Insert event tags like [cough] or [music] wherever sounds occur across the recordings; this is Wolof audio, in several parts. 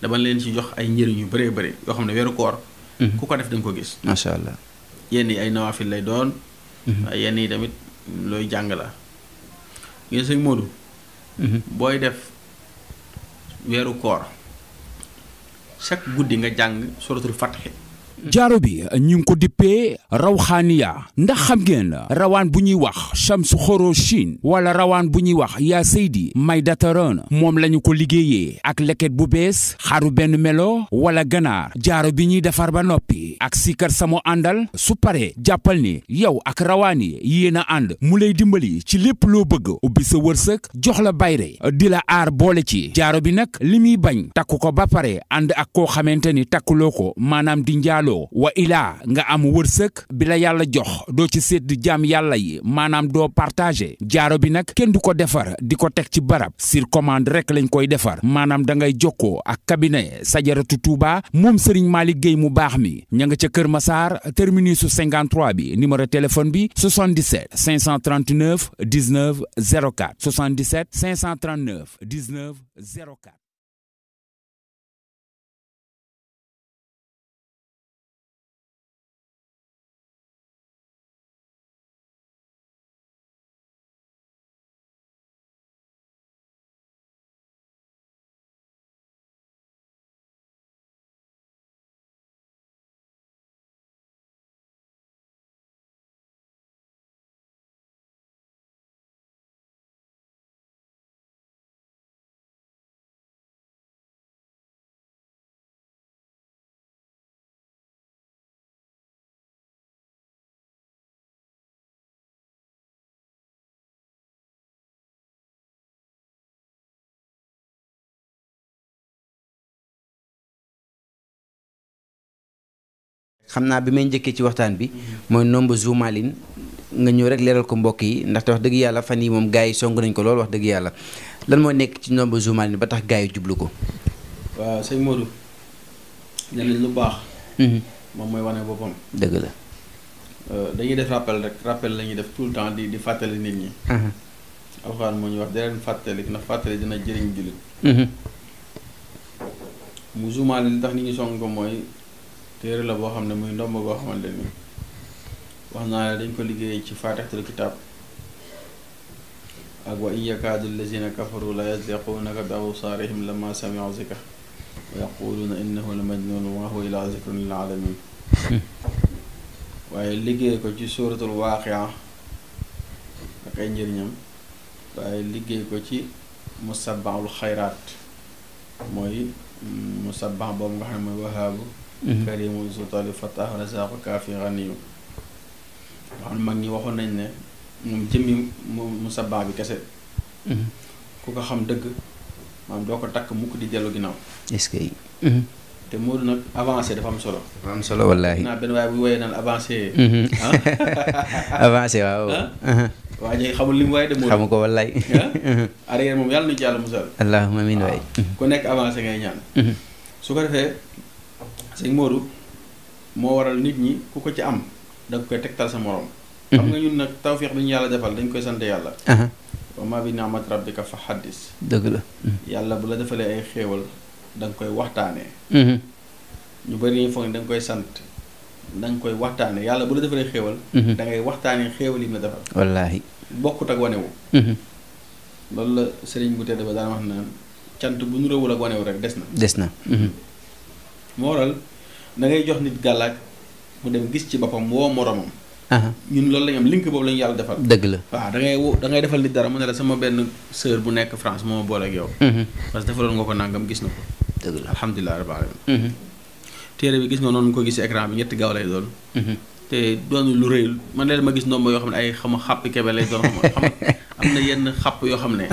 dama leen ci jox ay njëriñ yu bëree bëri yoo xam ne weeru koor. Mhm. ku ko def da nga ko gis. macha allah yenn yi ay nawaafil lay doon. Mhm. yenn yi tamit looy jàng la. ngeen sëñ mhm. booy def weeru koor chaque guddi nga jàng suratul Fatiha. jaaro bi ñu ngi ko dippee rawxaaniya ndax xam ngeen rawan bu ñuy wax Shamsu Xoroshin wala rawaan bu ñuy wax yaa Seydi may dataron moom lañu ko liggéeyee ak leket bu bees xaru benn melo wala ganaar jaaro bi ñuy defar ba noppi ak sikar samo àndal su pare jàppal ni yow ak rawaan yi yéen a ànd mu lay dimbali ci lépp loo bëgg ubbi sa wërsëg jox la bayre di la aar boole ci jaaro bi nag li muy bañ takku ko ba pare ànd ak koo xamante ni takkuloo ko maanaam di njaalo o wa ilaa nga am wërsëg bi la yàlla jox doo ci sédd jam yàlla yi maanaam doo partagé jaaro bi nag kenn du ko defar di ko teg ci barab sur commande rek lañ koy defar maanaam da ngay jokkoo ak cabinet Sajaratu Touba moom Serigne maa liggéey mu baax mi ña nga ca Kër Massar terminus 53 bi numéro téléphone bi 77 539 19 04 77 539 19 04 xam naa bi may njëkkee ci waxtaan bi mooy nombre Zoumaline nga ñëw rek leeral ko mbokk yi ndaxte wax dëgg yàlla fan yi moom gars yi song nañ ko lool wax dëgg yàlla lan moo nekk ci nombre Zoumaline ba tax gars yi jublu ko. waaw sëñ Modou. nee nañ lu baax. Mhm. moom mooy wane boppam. dëgg la. Euh, dañuy def rappel rek rappel la def tout le temps di di fàttali nit ñi. Mhm. alxuraan moo ñu wax da leen fàttali ndax fàttali mhm. ko mooy. téere la boo xam ne muy ndomb boo xamante ni wax naa la dañ ko liggéey ci faatixtul kitaab ak wa in yakaadu allazina kafaru la yuzliquunaka bi absaarihim lamma sami'u zikra wa la majnun wa waaye liggéey ko ci suuratul waaqia ak ay njëriñam waaye liggéey ko ci musabbaxul xayraat mooy mm, musabbax boobu nga xam ne mooy wahaabu Mhm. karimu sultaani fattah razaq kaafi ganiyu nga xam mag ñi waxoon nañ ne moom jëmmi mu musabaa bi kese mhm. ku ko xam dëgg maanaam doo ko takk mukk di dellu ginnaaw est-ce que mhm. te Modou nag avancé dafa am solo. dafa solo wallaahi. naa benn waaye bu wéyee naan avancé. Ah? [laughs] avancé waaw. Ah? waa ñooy xamul li mu waaye de Modou. xamu ko wallaahi. Ah? [laughs] arrière moom yàlla na ci yàlla musal. allahumma amiin ku nekk avancé ngay ñaan. su ko defee sëñ Modou moo waral nit ñi ku ko ci am da nga koy tegtal sa moroom mhm. xam nga ñun nag tawféex bi ñu yàlla defal dañ koy sant yàlla. wa ma bi naamat ko fa xaddis. dëgg la. Mhm. yàlla bu la defalee ay xéewal da koy waxtaanee. Mhm. ñu bëri ñu foog da koy sant da koy waxtaanee yàlla bu la defalee xéewal. da ngay waxtaanee xéewal yi mu la defal. wallaahi bokkut ak wanewu. loolu la sëriñ bu tedd ba daan wax naan cant bu ñu rëwul ak wanewu rek des na. des na. da ngay jox nit gàllaak mu dem gis ci boppam woo moromam. ñun loolu la ñu am link boobu la yàlla defal. dëgg la waaw da ngay woo da ngay defal nit dara mu ne la sama benn sœur bu nekk France moo ma boole yow. Mhm. parce que defaloon nga ko nangam gis na ko. dëgg la alhamdulilah rabbil alamin mhm. téere bi gis nga noonu ko gis écran bi ñetti gaaw lay doon. Mhm. te doonu lu rëy man leen ma gis ndomba yoo xam ne ay xam xàpp kebe lay doon xam am na yenn xàpp yoo xam ne.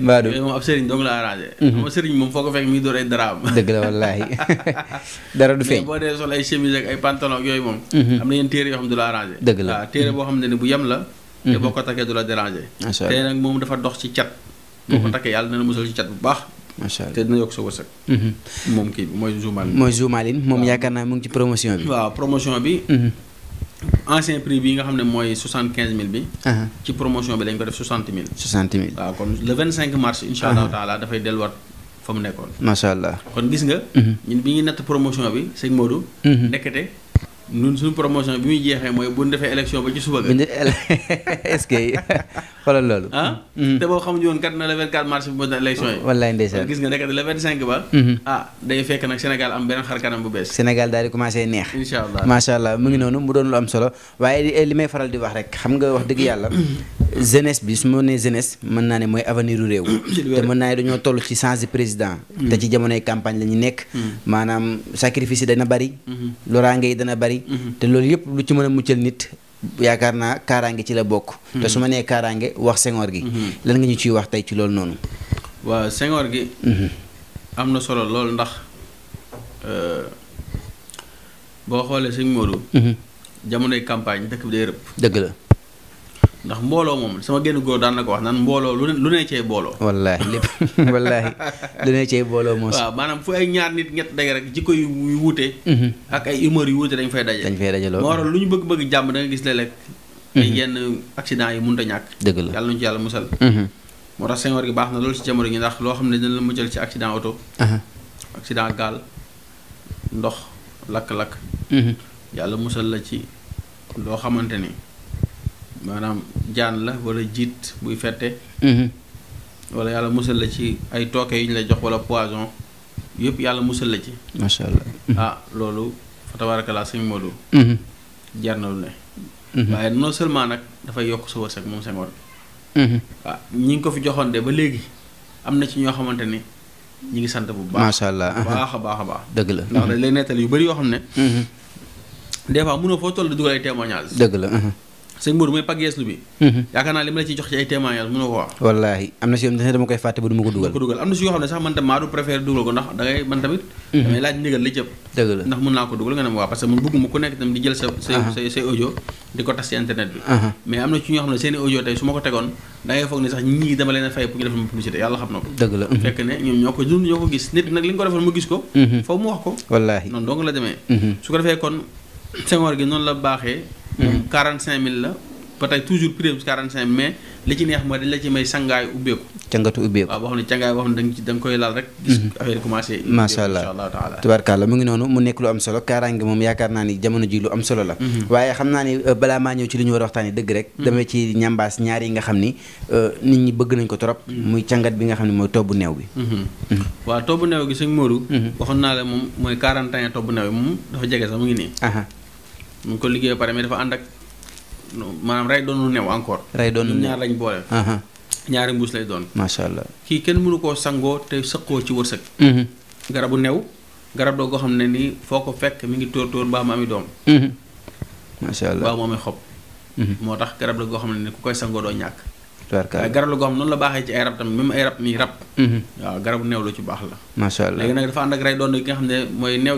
mbaa [laughs] du moom ab sëriñ dong la arrangé. Mhm. xam nga sëriñ moom foo ko fekk mi ngi door ay daraam. dëgg la wallaahi [laughs] dara du feeñ. mais boo dee sol ay chemise ak ay pantalon ak yooyu moom. Mhm. am na yenn téere yoo bu yem la. te mhm. boo ko takkee du la dérangé. macha allah te nag moom dafa dox ci cat. boo ko takkee yàlla dina musal ci cat bu baax. macha allah te dina yokk sa wërsëg. moom kii mooy Zoumalin. moom yaakaar naa mu ci promotion bi. waaw promotion bi. ancien prix bi nga xam ne mooy soixante quinze mille bi. Uh-huh. ci promotion bi dañ ko def soixante mille. soixante mille waaw kon le vingt cinq mars. incha allahu uh-huh. taala dafay delluwaat fa mu nekkoon. macha allah kon gis nga. Uh-huh. bi ñuy natt promotion bi sëñ Modou. nekkate ñun promotion bi muy jeexee mooy bu ñu defee élection ba ci suba ga. [laughs] est-ce que. [laughs] xoolal loolu. ah mm. mm-hmm. te boo xamuñu woon kat na le 24 mars bi mooy élection yi. wallaay ndeysaan ba. Mm-hmm. Ah, day fekk nag Sénégal am beneen xar kanam bu bees. Sénégal daal di commencé neex. incha allah mu ngi noonu mu doon lu am solo waaye li eh, may faral di wax rek xam nga wax dëgg yàlla. [coughs] jeunesse bi su ma nee jeunesse mën naa ne mooy avenir u réew [coughs] te mën naa ne dañoo toll ci change président mm. te ci jamonoy campagne la nekk mm. maanaam sacrifice yi dana bari mm-hmm. loraange yi dana bari a yaakaar naa kaaraange ci la bokk. te su ma nee kaaraange wax Senghor gi. Mhm. lan nga ñu ciy wax tey ci loolu noonu. waaw Senghor gi. Mhm. am na solo loolu ndax euh, boo xoolee sëñ Modou. Mhm. jamonoy campagne dëkk bi day rëpp. dëgg la. ndax mbooloo moom sama génn góor daan na wax naan mbooloo lu ne lu ne cee booloo. wallaahi lépp [laughs] wallaahi lu ne cee booloo moom. waaw maanaam fu ay ñaar nit ñett daje rek jikko yu wuute. Mhm. ak ay humeur yu wuute dañ fay daje. dañ fay daje loolu moo waral lu ñu bëgg-bëgg jàmm da gis léeg-léeg. Mhm. ay accident yi mënut a ñàkk. dëgg la yàlla nañu ci yàlla musal. Mhm. moo tax seen war baax na loolu ci jamono gi ndax loo xam ne dina la muccal ci accident oto. accident gaal ndox lakk-lakk. yàlla musal la ci loo xamante ni. maanaam jaan la wala jiit buy fette mm-hmm. wala yàlla musal la ci ay tooke yu ñu la jox wala poison yëpp yàlla musal la ci macha allah mm-hmm. ah, loolu fa tabarakallah sëñ Modou mm-hmm. jar na lu ne waaye non seulement nag dafay yokk sa wërsëg moom Senghor bi waaw ñi ngi ko fi joxoon de ba léegi am na ci ñoo xamante ni ñu ngi sant bu baax macha allah baax a baax a baax dëgg la ndax dañ lay nettal yu bëri yoo xam ne des fois mënoo foo toll di dugal ay témoignage dëgg la sëñ Modou mooy pàgg yeeslu bi. Mhm. yaakaar naa li ma la ciy jox ci ay témoignages mënoo ko wax. wallaahi am na si dama koy fàtte ba du ko dugal. am na si yoo xam ne sax man tam maa du préféré dugal ko ndax dangay man tamit. Mhm. damay laaj ndigal li jëpp. dëgg la ndax mën naa ko dugal nga ne waa parce que man bëgguma ku nekk di jël sa. say say audio di ko tas ci internet bi. mais am na ci ñoo xam ne seen i audio su ma ko tegoon dangay foog ne sax ñii dama leen moom mm-hmm. 45000 la ba tey toujours prix bi 45 mais li ci neex mooy dañ la ci may sangaay ubbeeku. cangatu ubbeeku waaw boo xam ne mm-hmm. mu ngi noonu mu nekk lu am solo kaaraange moom yaakaar naa ni jamono ji lu am solo la. Mm-hmm. waaye xam naa ni euh, balaa maa ñëw ci li ñu war a waxtaanee dëgg rek. damay ci ñambaas ñaar nga xam ni euh, nit ñi bëgg nañ ko trop. muy cangat bi nga xam ne mooy tobbu neew bi. waaw tobbu neew gi sëñ Modou. waxoon naa la moom mooy 41 tobbu neew bi moom dafa jege sax mu ngi nii. mu ngi ko liggéey pare mais dafa ànd ak maanaam rey doon lu new encore. rey doon lu new ñaar lañ boole. ñaari mbuus lay doon. macha allah kii kenn mënu koo sangoo te sëqoo ci wërsëg. Mhm. garabu new garab doo ko xam ne nii foo ko fekk mi ngi tóor tóor mbaa mu ami doom. Mhm. macha allah mbaa mu ami xob. Mhm. moo tax garab la goo xam ne ni ku koy sangoo doo ñàkk. waaye garab la goo xam noonu la baaxee ci ay rab tamit même ay rab nii rab mhm. waaw garabu neew la ci baax la macha allah léegi nag dafa ànd ak rey doon gi nga xam ne mooy neew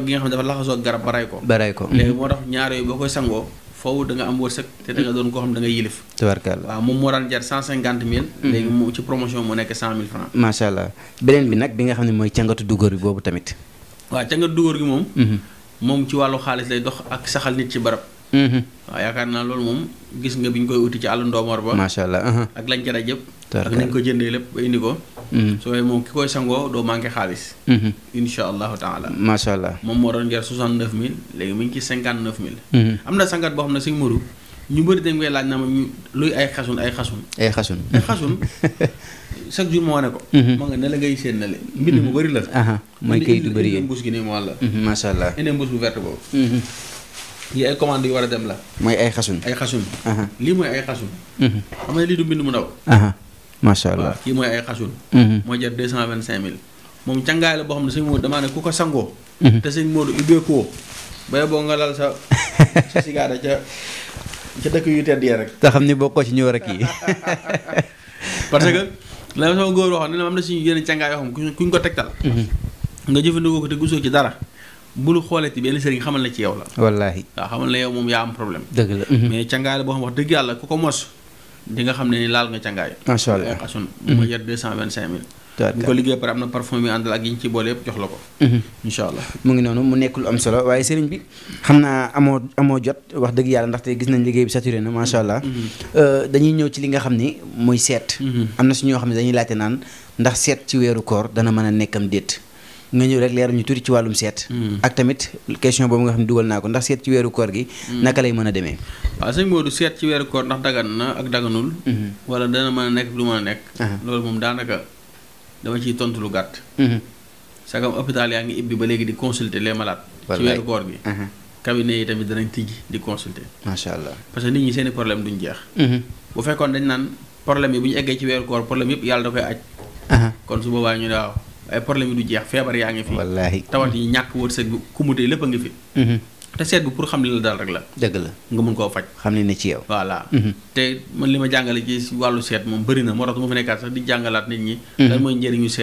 gi bi boobu tamit waaw cangatu dugóor gi moom mhm. moom ci wàllu xaalis lay dox ak saxal nit ci barab Mhm. waaw yaakaar naa loolu moom gis nga bi ñu koy uti ci àll ndoomor ba. macha allah uh-huh. ak lañ ca daj yëpp. ak nañ ko jëndee lépp ba indi ko. Mhm. sooy moom ki koy sangoo doo manqué xaalis. Mhm. incha allahu taala. macha allah moom moo doon jar 69000 léegi mu ngi ci 59000. am na sangat boo xam ne ñu bëri dañ koy laaj na ma ñu luy ay xasun ay xasun. ay xasun ay xasun. [laughs] chaque jour ma wane ko. ma nga ne la ngay séen mbind mu bëri la. mooy kayit yu bëri yi mbuus gi nii moo la. macha allah indee mbuus bu verte boobu. lii ay commandes yu war a dem la. mooy ay xasun. ay xasun. lii mooy ay xasun. Mhm. xam nga lii du mbind mu ndaw. macha allah kii mooy ay xasun. Mhm. moo jar deux cent vingt cinq mille. moom càngaay boo xam ne sëñ Modou damaa ne ko sangoo. Mhm. te sëñ Modou ubbeekoo. sa sa sigaada ca ca dëkk yu tedd ya rek. te xam ni bokkoo ci ñëw rek yi. parce que la sama góor waxoon ne am na suñu yenn càngaay yoo xam kuñ ko tegtal. nga jëfandikoo ko te gusoo ci dara. bu lu xoolee ci benn sëriñ xamal na ci yow la. wallaahi waaw xamal na yow moom yaa am problème. dëgg la mhm. mais cangaay boo xam wax dëgg yàlla ku ko mos di nga xam ne ni laal nga cangaay. macha allah asun mhm. bu ma jar deux cent vingt cinq mille. ñu ko liggéey pare am la ko. Mhm. incha allah mu ngi noonu mu nekk lu am solo waaye sëriñ bi xam naa amoo amoo jot wax dëgg yàlla ndaxte gis nañ liggéey bi saturé na macha allah. Euh, dañuy ñëw ci li nga xam ni muy seet. am na su ñoo xam ne dañuy laajte naan ndax seet ci weeru koor dana mën a nekkam déet nga ñëw rek leeral ñu tuuti ci wàllum seet. Hmm. ak tamit question boobu nga xam ne dugal naa ko ndax seet ci weeru koor gi. Hmm. naka lay mën a demee. waaw sëñ Modou seet ci ndax dagan na ak daganul. Hmm. wala dana mën a nekk du mën a nekk. loolu moom daanaka dama ciy tontu lu gàtt. sagam hôpital yaa ngi ibbi ba léegi di consulter les malades. ci weeru koor gi. cabinet yi tamit danañ tijji di consulter. macha allah parce que nit ñi seen i problème duñ jeex. bu fekkoon dañ naan problème yi bu ñu eggee ci weeru koor problème yi du jeex feebar yaa ngi fi. wallaahi tawat yi ñàkk wërsëg bi kumute lépp a ngi fi. Mhm. te seet bi pour xam li la daal rek la. dëgg la nga mun koo faj. xam ne ne mhm. ma jàngale ci na moo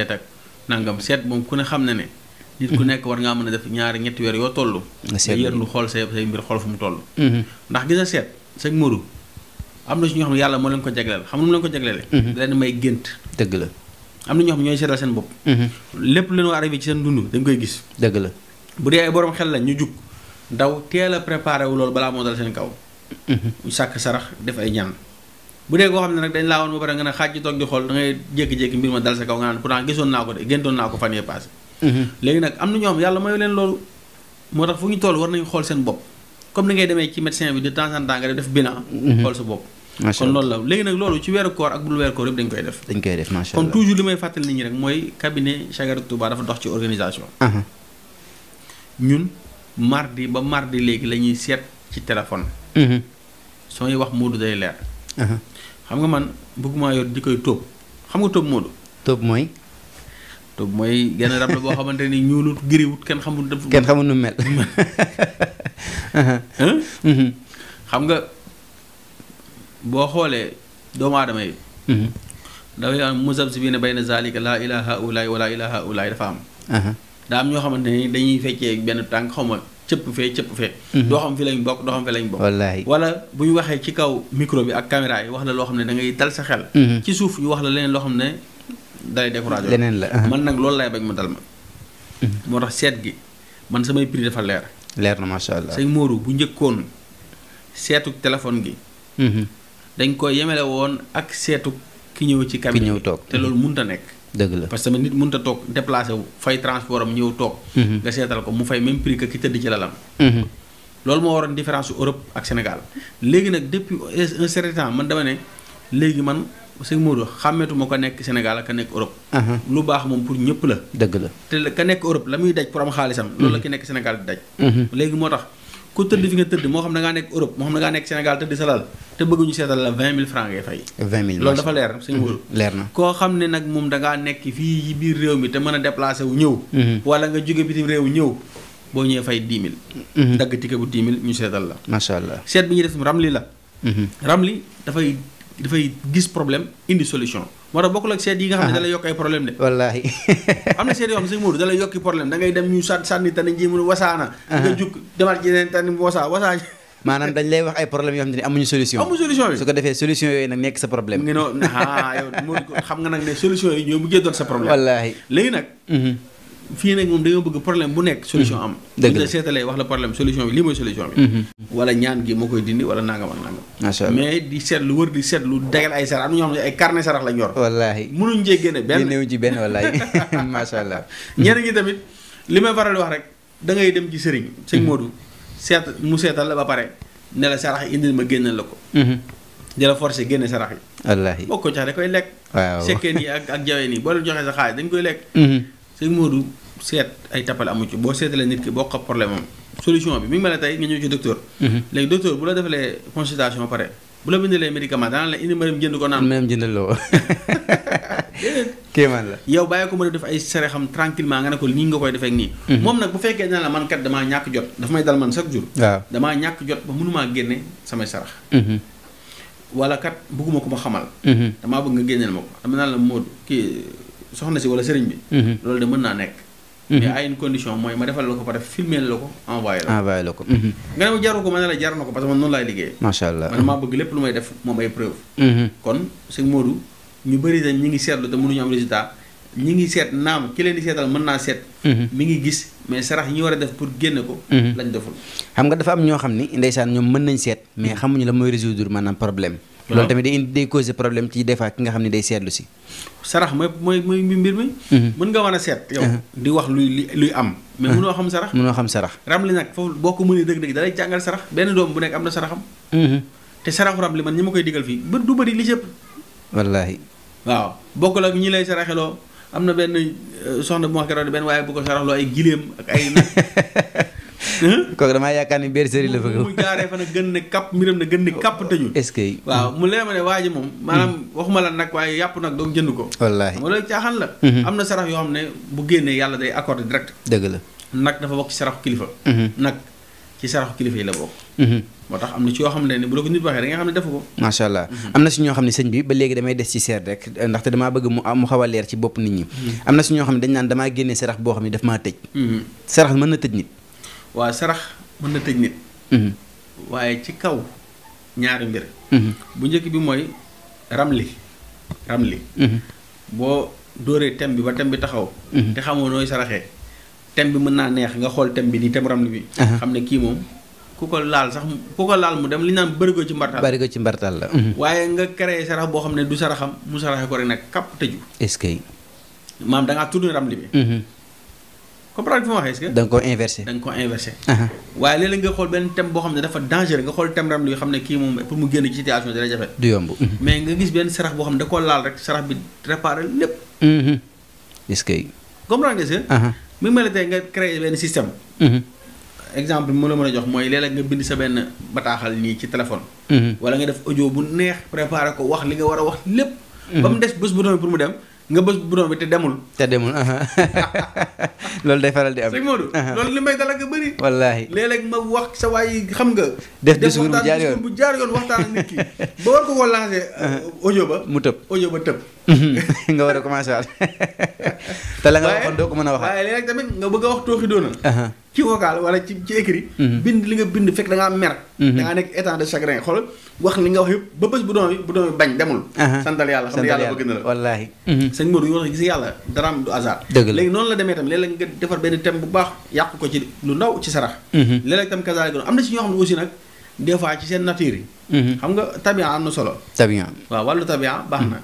tax ma nit mhm. ku ne xam na ne. nit ku nekk war ngaa mën a def ñaari ñetti weer yoo toll. nga seet lu xool say say xool fu mu toll. ndax gis nga seet sëñ Modou am na si ñoo xam ne yàlla moo leen ko jagleel xam nu mu leen ko jagleele. da may gént. dëgg la am na ñoo xam ñooy seetal seen bopp. Mhm. lépp lu ñu arrivé ci seen dund dañ koy gis. dëgg la ñu jug daw teel a préparé wu loolu moo dal seen kaw. Mhm. ñu sàkk sarax def ay ñaan. bu xam ne nag laa woon ba pare nga ne xaaj di xool da ngay jékki-jékki mbir ma dal sa kaw mhm. na ñoo xam yàlla mayu leen loolu moo tax fu ñu toll war nañu xool seen bopp comme ni ngay demee ci médecin bi de temps en temps nga def bilan xool sa bopp macha allah kon loolu la léegi nag loolu ci weeru koor ak bul weeru koor yëpp dañ koy def. dañ koy def macha allah kon toujours li may fàttali nit ñi rek mooy cabinet Chagarou Touba dafa dox ci organisation. ñun mardi ba mardi léegi lañuy seet ci téléphone. Mhm. soo ñuy wax Moodu day leer. xam nga man bëgguma yor di koy tóob xam nga tóob Moodu. tóob mooy. tóob mooy genn rab la boo xamante ni ñuulut gëriwut kenn xamul. kenn xamul nu mel. [laughs] Mhm. xam nga. boo xoolee doomu aadama yi mhm. dafay am muzabzibiina bayna zaalika laa ilaaha ulaay wala ilaaha ulaay dafa am daa am ñoo xamante ne dañuy fekkee benn tànk xaw ma cëpp fee mhm. doo xam fi lañ bokk doo xam fi lañ bokk wala bu ñu waxee ci kaw micro bi ak caméra yi wax la loo xam ne da ngay dal sa xel mhm. ci suuf ñu wax la leneen loo xam ne dalay découragé leneen la man nag loolu laay bañ ma dal ma moo tax seet gi man samay prix dafa leer leer na macha allah sëñ Modou bu njëkkoon seetu téléphone gi dañ koy yemele woon ak seetu ki ñëw ci cabine ki ñëw toog te loolu mënut a nekk. dëgg la parce que nit mënut a toog déplacé wu fay transport am ñëw toog. Mhm. nga seetal ko mu fay même prix que ki tëdd ci lalam. Mhm. loolu moo waroon différence Europe ak Sénégal léegi nag depuis un certain temps man dama ne léegi man sëñ Modou xàmmeetu ko nekk Sénégal ak ka nekk Europe. Mhm. lu baax moom pour ñëpp la. dëgg la te ka nekk Europe la muy daj pour am xaalisam. loolu la ki nekk Sénégal di daj. léegi moo ku tëdd fi nga tëdd moo xam da ngaa nekk Europe moo xam da ngaa nekk Sénégal tëdd sa te bëgguñu seetal la vingt mille francs ngay fay. loolu dafa leer suñu wóor. Mhm, leer na koo xam ne nag moom da nekk fii biir réew mi te mën a déplacé wu ñëw. Mhm. wala nga jóge bitim réew ñëw boo ñëwee fay dix mille. Mhm. dagg ticket bu dix ñu seetal la. macha allah seet bi ñuy def ramli la. ramli dafay dafay gis problème indi solution. moo tax bokkul ak seet yi nga xam ne ah. da yokk ay problème de wallaahi [laughs] am na seet yoo xam ne sëñ Modou da lay yokki problème da ngay dem ñu sàn sànni tane ji mu wasaana ah. nga jug demaat jeneen tane wasaa wasaa maanaam dañ lay wax ay problème yoo xam amuñu solution amuñu solution bi su ko defee solution yooyu nag nekk sa problème ngi noo [laughs] ah, yow Modou xam nga nag ne solution yi ñoo mujjee doon sa problème wallaahi léegi nag mhm. fii nag moom dañoo bëgg problème bu nekk solution mhm. am dëgg la seetalee wax la problème solution bi lii mooy solution bi mhm. wala ñaan gi moo koy dindi wala nangam ak nangam macha allah mais di seetlu wër di seetlu dagal ay sarax am ñoo xam ne ay carnet sarax la ñor wallaahi mënuñ cee génne benn génnewuñ ci benn [laughs] [laughs] ñi tamit li may faral wax rek da ngay dem ci sëriñ sëñ mhm. Modou seet mu seetal la ba pare ne la sarax yi indil ma génneel la ko di la forcé génne sarax yi boo ko joxee da koy lekk waaw sekkeen yi ak ak jaween yi boo leen joxee sa xaalis dañ sëñ Modou seet ay tappale amu ci boo seetalee nit ki boo ko problème am solution bi mi ngi mel nga ñëw ci docteur. Mhm. léegi docteur bu la defalee consultation pare bu la bindalee médicament daan la indi ma dem jënd ko naan. même jëndal la [laughs] kéemaan la nga ko nii nga koy defee mhm. bu fekkee ne la man kat damaa ñàkk jot dafa may dal man chaque jour. waaw damaa jot ba mënumaa génne samay sarax. Mhm. wala kat bëgguma ko ma xamal. damaa bëgg ma ko dama naan la Modou kii. soxna si wala sëriñ bi. Mhm. loolu de mën naa nekk. Mhm. mais à condition mooy ma defal la ko pare filmeel la ko envoyé la ko. envoyé la ko. Mhm. nga ne ma jaru ko ma ne la jar na ko parce que man noonu laay liggéey. macha allah man maa bëgg lépp lu may def moom ay preuve. kon sëñ Modou ñu bëri dañ ñu ngi seetlu te mënuñu am résultat ñi ngi seet naam ki leen di seetal mën naa seet. mi ngi gis mais sarax yi ñu war a def pour génne ko. lañ deful. xam nga dafa am ñoo xam ni ndeysaan ñoom mën nañ seet mais xamuñu la mooy résoudre maanaam problème. loolu tamit day indi day causer problème ci des fois ki nga xam ne day seetlu si. sarax mooy mooy mooy mbir mi. Mhm. mën nga war a seet. yow mhm. di wax luy luy am. mais mhm. mënoo xam sarax. mënoo xam sarax. ramli nag foofu boo ko mënee dëgg-dëgg da lay jàngal sarax benn doom bu nekk am na saraxam. te saraxu li man ñi ma koy digal fii ba du bëri li ci ëpp. wallaahi. waaw bokkul ak ñi lay saraxeloo am na benn euh, soxna bu ma keroog benn waaye bu ko saraxloo ay gileem ak ay. [laughs] kooku damaa yaakaar ni bergerie la bëgg mu jaaree fa na gën ne kap mbiram na gën ne kap tëju est waaw mm. mu leer ma ne waa moom maanaam mm. waxuma la nag waaye yàpp nag doo jënd ko wallaahi mu loolu caaxaan la mm-hmm. am na sarax yoo xam ne bu génnee yàlla day accordé direct dëgg la nag dafa bokk ci saraxu kilifa mm-hmm. nag ci saraxu kilifa yi la bokk mm-hmm. moo tax na ci yoo xam ne ni bu la ko nit waxee da nga xam ne defu ko macha allah am seer rek ndaxte damaa bëgg mu mu xaw leer ci bopp nit ñi am na si ñoo xam ne dañ naan damaa génnee sarax boo xam ne daf maa tëj sarax mën na tëj nit waa sarax mën na tëj nit mhm. waaye ci kaw ñaari mbir mhm. bu njëkk bi mooy ramli ramli mhm. boo dóoree tem bi ba tem bi taxaw te xamoo nooy saraxee tem bi mën naa neex nga xool tem bi nii tem ramli bi xam ne kii moom ku ko laal sax ku ko laal mu dem li naan bërigo ci mbartal bërigo ci mbartal la waaye nga créé sarax boo xam ne du saraxam mu saraxe ko rek nag kàpp tëju est-ce que maam da ngaa tudd ramli bi comprendre fi ma waxee est-ce inversé da nga inversé. waaye léeg nga xool benn thème boo xam ne dafa dangereux nga xool thème ram xam ne kii moom pour mu génn ci situation dina jafe. du yomb. Mhm. mais nga gis benn sarax boo xam ne da koo laal rek sarax bi réparé lépp. Mhm. est-ce que. comprendre nga est-ce que. mi ngi mel ni tey nga créé benn système. Mhm. exemple mu a jox mooy léeg-léeg nga bind sa benn bataaxal nii ci téléphone. wala nga def audio bu neex préparé ko wax li nga war a wax lépp. ba mu des bu doon pour mu dem. nga bës bouton bi te demul. te demul [laughs] loolu day faral di am. sëñ Modou li may dal nga a bëri. wallaahi léeg-léeg ma wax sa waay xam nga. def discours bu jaar yoon bu jaar yoon waxtaan ak nit ki ba war ko ko lancé. Uh, audio ba mu tëb audio ba tëb. Mhm. [laughs] nga war a commencé waat [laughs] te la nga waxoon doo ko mën a wax waaye léeg tamit nga bëgga a wax tooxi doona ci vocal wala ci ci écrit. Mhm. bind li nga bind fekk da ngaa mer. Mhm. da ngaa nekk état de chagrin xool wax li nga wax yëpp ba bés bu doon bu doon bañ demul. santal yàlla xam ne yàlla bëgg na la mhm. yàlla daraam du hasard. dëgg la léegi noonu la demee tam léeg-léeg nga defar benn thème bu baax yàq ko ci lu ndaw ci sarax. léeg-léeg itam kazaale gën am na ci ñoo xam ne aussi nag des fois ci seen nature yi. xam nga tabian am na solo. tabian waaw wàllu tabian baax na.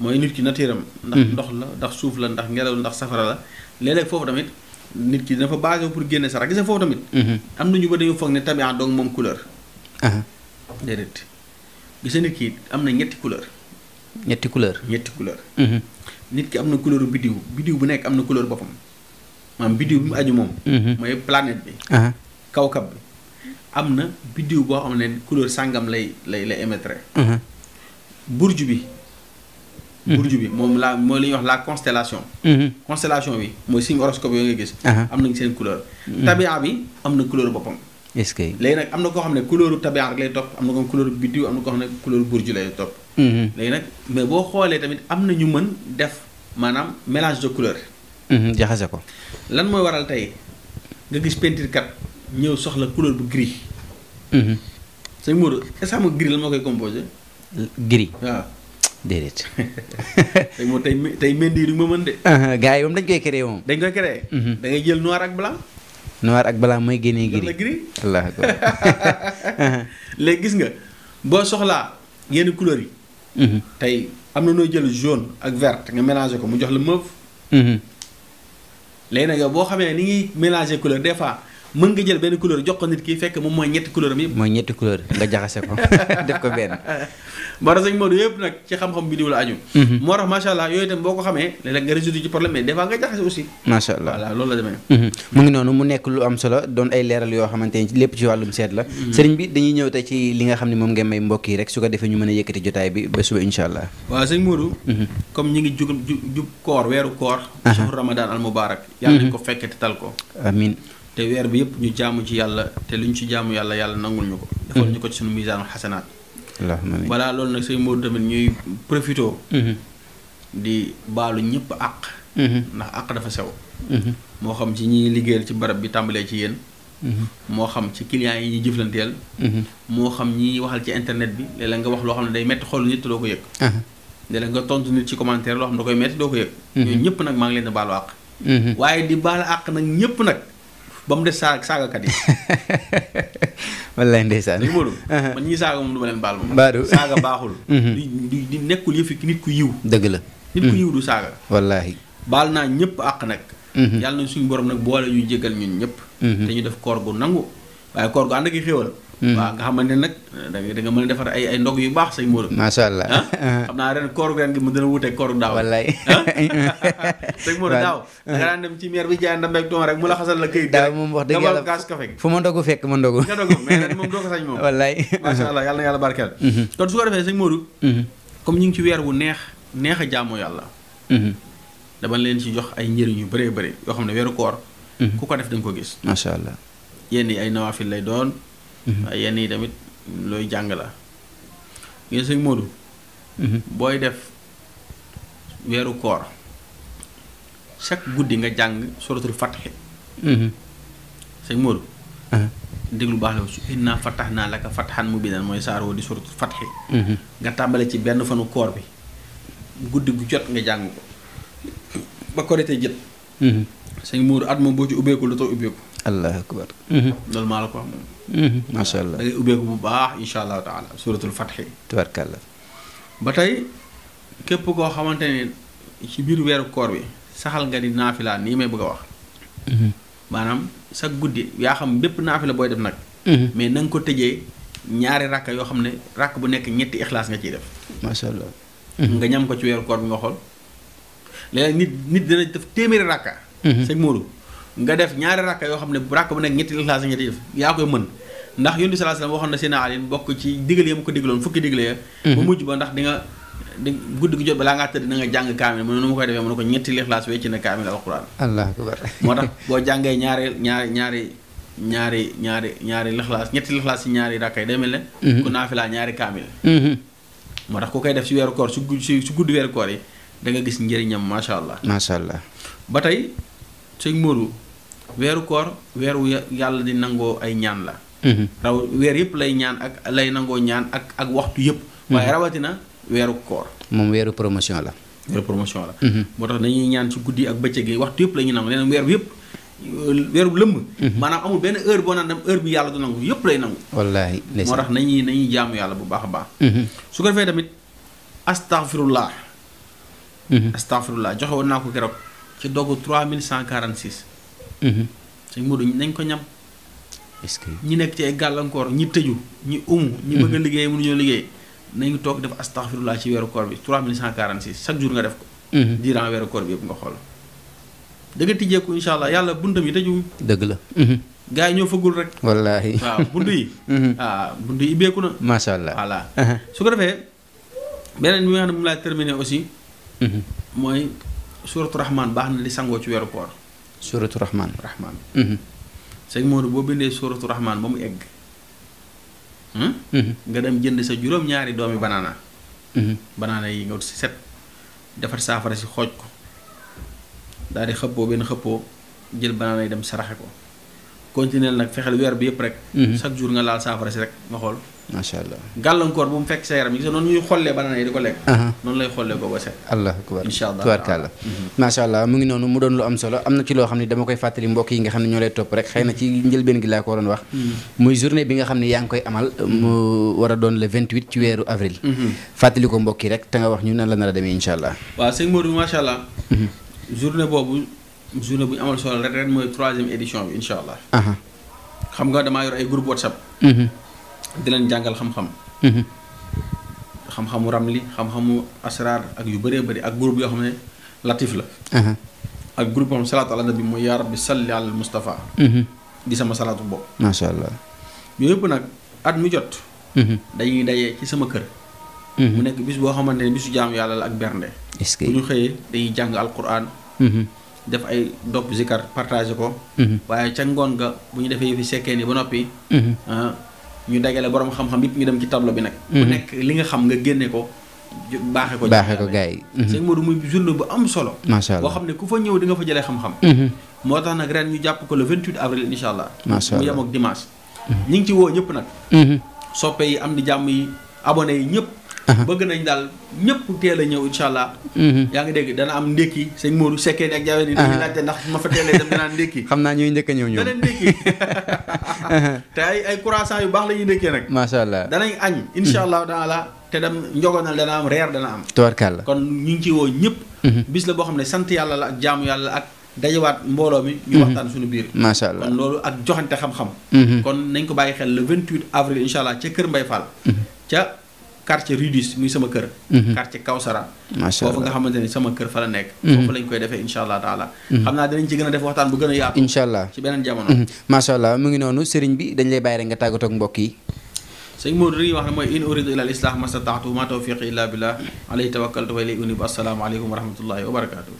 mooy nit ki nature am. ndax ndox la ndax suuf la ndax ngelaw ndax safara la léeg foofu tamit nit ki dafa basé wu pour génne sarax gis nga foofu tamit. Mhm. am na ñu ba dañu foog ne tabian ah moom couleur. déedéet gis nga am na ñetti couleur. ñetti couleur ñetti couleur. Mhm. nit ki am na couleur biddiw biddiw bu nekk am na couleur boppam maanaam biddiw bi mu aju moom. Mhm. mooy planète bi. kawkab bi am na biddiw boo xam ne couleur sàngam lay lay lay émettre. bi. burju mmh. bi moom la mooy li ñuy wax la constellation mmh. constellation bi mooy signe horoscope yooyu nga gis am nañ seen couleur mmh. tabia bi am na couleur boppam est-ce léegi nag am na koo xam ne couleur tabia rek lay topp am na ko couleur biddiw am na koo xam ne couleur burju lay nag mais boo xoolee tamit am na ñu mën def maanaam mélange de couleur jaxase ko lan mooy waral tey nga gis peinture kat ñëw soxla couleur bu gris sëñ Modou est-ce que xam gris lan moo koy composé gris waaw déedéet. [laughs] tey moom tey tey mendi ma mën de. [laughs] gars yi moom dañ koy créé moom. dañ koy créé. Mhm. da ngay jël noir ak blanc. noir ak blanc mooy génnee gris. [laughs] Mhm. léegi gis nga boo soxlaa yenn couleur yi. Mhm. tey am na nooy jël jaune ak vert nga mélangé ko mu jox la mauve. léegi nag yow boo xamee ni ñuy mélangé couleur des fois. mën nga jël benn couleur jox ko nit ki fekk moom mooy ñetti couleur am yëpp. mooy ñetti couleur nga jaxase ko [laughs] def ko benn. [laughs] moo tax sëñ yëpp nag ci xam-xam bi diw la aju. Mhm. allah yooyu itam boo ko xamee léeg-léeg nga résoudre jaxase aussi. la demee. Mhm. mu ngi noonu mu nekk lu am solo doon ay leeral yoo xamante lépp ci wàllum seet la. Mhm. sëriñ bi dañuy ñëw tey ci li nga xam ne moom ngeen may mbokk yi su ko defee ñu mën a yëkkati jotaay bi ba suba incha allah. waaw sëñ Maodo. comme ñi ngi jug jub koor weeru koor. shahru ramadan al mubarak ko fekkati tal ko te weer bi yëpp ñu jaamu ci yàlla te lu ñu ci jaamu yàlla yàlla nangul ñu ko mm-hmm. defal ñu ko ci suñu misaanul xasanaat balaa loolu nag sëñ Modou tamit ñuy profité mm-hmm. di baalu ñëpp àq mm-hmm. ndax àq dafa sew moo xam ci ñi liggéeyal ci barab bi tàmbalee ci yéen moo xam ci clients yi ñuy jëflanteel moo xam ñi waxal ci internet bi léeg-léeg nga wax loo xam ne day metti xol nit doo ko yëg de uh-huh. léeg nga tontu nit ci commentaire loo xam ne da koy metti doo ko yëg ñooñu ñëpp nag maa ngi leen di baalu nag ba mu des saa saagakat yi. [laughs] wallaay ndeysaan. léegi Modou. [laughs] Uh-huh. man ñii saaga moom du ma leen baal moom. baadu [laughs] saaga baaxul. Uh-huh. di di nekkul yëfi nit ku yiw. dëgg la nit ku mm. yiw du saaga. wallaahi baal naa ñëpp àq nag. Mm-hmm. yàlla na suñu borom nag boole yu jégal ñun ñëpp. Mm-hmm. te ñu def koor gu nangu waaye koor gu ànd ak xéwal. Mhm. waaw nga xamante ne nag eh, da nga mën a defar ay ay ndog yu baax sañ Modou. macha allah ah? xam naa ren kóor ren gi mu dina wuteeg kóor daaw. wallaay ah? [laughs] sëñ Modou daaw. nga daan ci meer bi jaay ndam ak doom rek mu la xasal la këyit. daaw moom wax dëgg yàlla gas kafe fu ma ndogu fekk ma ndogu. nga ndogu mais ren moom doo sañ moom. [laughs] wallaay macha allah yàlla na yàlla barkeel. Mhm. kon su ko defee sëñ Modou. Mhm. comme ñu ngi ci weer wu neex neex a jaamu yàlla. dama leen ci jox ay njëriñ yu bëree bëri yoo xam ne weeru koor. ku ko def dañ ko gis. macha allah yenn yi ay nawaafil lay doon Mhm. waaye yenn yi tamit looy jàng la ngeen sëñ Modou mhm. booy def weeru koor chaque guddi nga jàng suratul fataxi mhm. sëñ Modou déglu baax la su innaa fatax naa laka fataxan mubinan mooy saaroo di suratul fataxi nga tàmbale ci benn fanu koor bi guddi gu jot nga jàng ko ba korite jët sëñ Modou at boo ci ubbeeku lu tax ubbeeku allah akbar. Mhm. loolu maa la ko wax moom. Mhm. macha allah da ngay ubbeeku bu baax incha allahu taala suratul fatxi. tubarkalla. ba tey képp koo xamante ne ci biir weeru koor bi saxal nga di naafila nii may bëgg a wax. Mhm. maanaam sa guddi yaa xam bépp naafila booy def nag. mais na ko tëjee ñaari rakk yoo xam ne rakk bu nekk ñetti ixlaas nga ciy def. macha allah. nga ñam ko ci weeru koor bi nga xool léeg nit nit dana def téeméeri rakka. sëñ Modou. nga def ñaari rakka yoo xam ne rakk bu nekk ñetti lixlaas ñetti def yaa koy mën ndax yonent bi sallallahu alayhi wasallam waxoon na Seydina Ali bokk ci digal mu ko digaloon fukki digle ya mhm. mujj ba ndax di guddi gi jot balaa ngaa tëdd na nga jàng kaamil mu ne nu ma koy defee mu ne ko ñetti lixlaas wecc na kaamil alquran [laughs] moo tax boo jàngee ñaari ñaari ñaari ñaari ñaari ñaari lixlaas ñetti lixlaas ci ñaari rakka yi day mel ne mhm. ku naafilaa ñaari kaamil mhm. moo tax ku koy def ci weeru koor su su guddi weeru koor yi da nga gis njëriñam macha allah macha allah ba tey sëñ Modou weeru koor weeru yàlla di nangoo ay ñaan la mhm. raw weer yëpp lay ñaan ak lay nangoo ñaan ak ak waxtu yëpp mhm. waaye rawatina weeru koor moom weeru promotion la weeru promotion la mhm. moo tax dañuy ñaan ci guddi ak bëccëg yi waxtu yëpp la ñuy nangu leneen weer bi yëpp weeru lëmb maanaam amul benn heure boo naan dem heure bi yàlla du nangu yëpp lay nangu wallaahi moo tax nañuy nañuy jaamu yàlla bu baax baax su ko defee tamit astaghfirullah astaghfirullah joxe woon naa ko keroog ci doggu 3146 Mhm. sëñ Modou nañ ko ñam. ñi nekk ci ay gàllankoor ñi tëju ñi umu. ñi bëgg a mhm. liggéey mënuñoo liggéey nañu toog def astaghfirullah ci weeru koor bi 3146 chaque jour nga def ko. Mhm. durant weeru koor bi yëpp nga xool. dëgg tijjeeku incha allah yàlla buntam yi tëju. dëgg la. gaa yi ñoo fëggul rek. wallaahi [laughs] waaw bunt yi. Ah, yi ibbeeku na. macha allah voilà. Uh-huh. su ko defee beneen bi nga xam ne moom laay terminer aussi. mooy suuratu rahmaan baax na li sangoo ci weeru koor. suuratu rahmaan rahmaan mhm. sëñ Modou boo bindee suuratu rahmaan ba mu egg hmm? mhm. nga dem jënd sa juróom-ñaari doomi banaana mhm. banaana yi nga wut si set defar saafara si xooj ko daal di xëppoo benn xëppoo jël banaana yi dem saraxe ko continuer nag fexeel weer bi yëpp rek chaque jour nga laal saafara si rek nga xool macha allah gàllankoor bu mu fekk sa yaram yi gis noonu ñuy xollee banana yi di ko lekk. noonu lay xollee ko ba set. allah akbar incha mhm. allah mu ngi noonu mu doon lu am solo am na ci loo xam ne dama koy fàttali mbokk yi nga xam ne ñoo mhm. a doon mhm. a demee incha allah. waaw sëñ Modou macha allah. journée boobu journée bi incha allah. xam nga damaa yor ay groupe WhatsApp. di leen jàngal xam-xam. Mm-hmm. xam-xamu ramli xam-xamu asrar ak yu bëree bëri ak groupe yoo xam ne latif la. Uh-huh. ak groupe am salaatu ala nabi mooy yaa rabbi salli ala Mustafa. Mm-hmm. di sama salaatu bopp. macha allah yooyu yëpp nag at mi jot. Mm-hmm. dañuy mu nekk bis boo xamante ne bisu jaamu yàlla la ak bernde. est-ce que bu ñu xëyee dañuy jàng alquran. def ay dopp zikar partagé ko. waaye ca ngoon ga bu ñu defee yëfi sekkee ni ba noppi. Ah, ñu dagale borom xam-xam yëpp ñu dem ci tableau bi nag. ku mhm. nekk li nga xam nga génne ko. baaxe ko baaxe ko gars yi. Mhm. sëñ Modou muy journée bu am solo. macha ne ku fa ñëw di nga fa jëlee xam-xam. Mhm. moo tax nag ren ñu jàpp ko le 28 avril incha allah. macha allah mu yem ak dimanche. ñu ci woo ñëpp nag. soppe yi am di jàmm yi abonné yi ñëpp. Uh-huh. bëgg nañ daal ñëpp teel a ñëw incha allah. Mm-hmm. yaa ngi dégg dana am ndékki sëñ Modou Sekkeen ak Jawe ni dañuy uh-huh. laajte ndax ma fa teelee dem xam naa ñuy njëkk a ñëw ñoom danañ ndékki [laughs] uh-huh. ay ay yu baax la ñuy ndékkee nag. macha allah danañ añ. Mm-hmm. incha allah daala te dem njogonal dana am reer dana am. tubarkalla kon ñu ngi woo ñëpp. Mm-hmm. bis boo xam ne sant yàlla la ak jaamu yàlla ak. dajawaat mbooloo mi ñu waxtaan sunu biir macha allah kon loolu ak joxante xam-xam kon nañ ko bàyyi xel le 28 avril incha allah ca kër Mbay Fall ca ca Rudis muy sama kër. Mhm. quartier Kawsara. macha nga xamante ni sama kër fa la nekk. Mhm. foofu lañ koy defee incha allah taala. Mhm. xam naa danañ ci gën a def waxtaan bu gën a yaatu. incha allah ci beneen jamono. macha allah mu ngi noonu sëriñ bi dañ lay bàyyi rek nga tàggatoo ak mbokk yi. sëñ Modou li ñuy wax ne mooy in uridu ila al islah ma stata'tu ma tawfiqi illa billah alayhi tawakkaltu wa ilayhi unib assalaamu aleykum wa wa barakatuh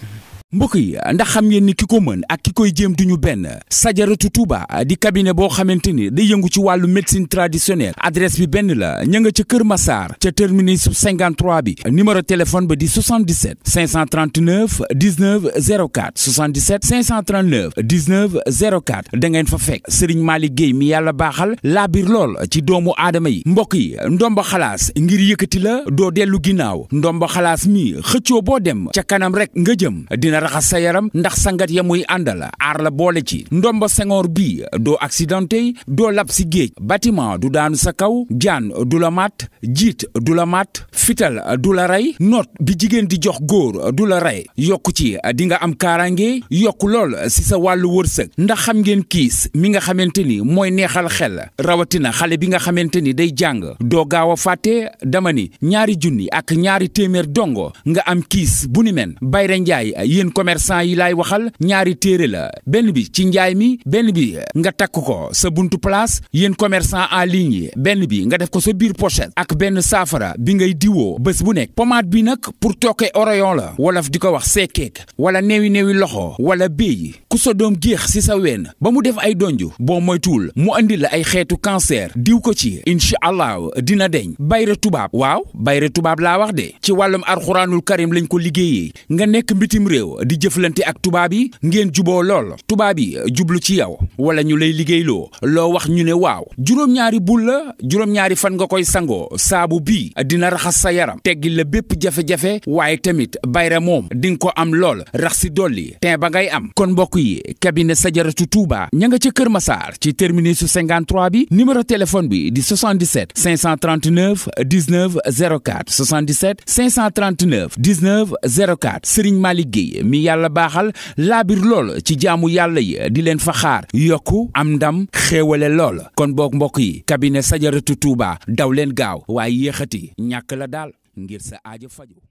mbokk yi ndax xam ngeen ni ki ko mën ak ki koy jéem duñu benn sajaratu Touba di kabine boo xamante ni day yëngu ci wàllu médecine traditionnelle adresse bi benn la ña nga ca Kër Massar ca terminus 53 bi numéro téléphone ba di 77 539 19 04 77 539 19 04 da ngeen fa fekk Serigne Malick Guèye mi yàlla baaxal laa biir lool ci doomu aadama yi mbokk yi ndomba xalaas ngir yëkkati la doo dellu ginnaaw ndomba xalaas mi xëccoo boo dem ca kanam rek nga jëm dina dina raxas sa yaram ndax sangat ya muy àndal aar la boole ci ndomba sengoor bi doo accidenté doo lab si géej bâtiment du daanu sa kaw jaan du la mat jiit du la mat fital du la rey noot bi jigéen di jox góor du la rey yokku ci di nga am kaaraange yokku lool si sa wàllu wërsëg ndax xam ngeen kiis mi nga xamante ni mooy neexal xel rawatina xale bi nga xamante ni day jàng doo gaaw fàtte dama ni ñaari junni ak ñaari téeméer dongo nga am kiis bu ni men Bayra Njaay yéen commerçant yi laay waxal ñaari téere la benn bi ci njaay mi benn bi nga takk ko sa buntu place yéen commerçant en ligne benn bi nga def ko sa biir pochette ak benn saafara bi ngay diwoo bés bu nekk pommade bi nag pour tooke oreillon la wolof di ko wax seekeek wala newi newi loxo wala béy ku sa doom géex si sa ween ba mu def ay donju boo moytuwul mu indi la ay xeetu cancer diw ko ci incha allah dina deñ bayre tubaab waaw bayre tubaab laa wax de ci wàllum arxuraanul karim lañ ko liggéeyee nga nekk mbitim di jëflante ak tubaab yi ngeen juboo lool tubaab yi jublu ci yow wala ñu lay liggéeyloo loo wax ñu ne waaw juróom-ñaari bul la juróom-ñaari fan nga koy sangoo saabu bii dina raxas sa yaram teggil la bépp jafe-jafe waaye tamit bayra moom di nga ko am lool rax si dolli te ba ngay am kon mbokk yi cabinet Sadiaratou Touba ña nga ca Kër Massar ci terminus 53 bi numéro téléphone bi di 77 539 19 04 77 539 19 04 Serigne Malick Gueye mi yàlla baaxal laabir lool ci jaamu yàlla yi di leen faxaar yokk am ndam xéewale lool kon mbok mbokk yi cabinet sajaratu tuuba daw leen gaaw waaye yéexati ñàkk la daal ngir sa aaja faju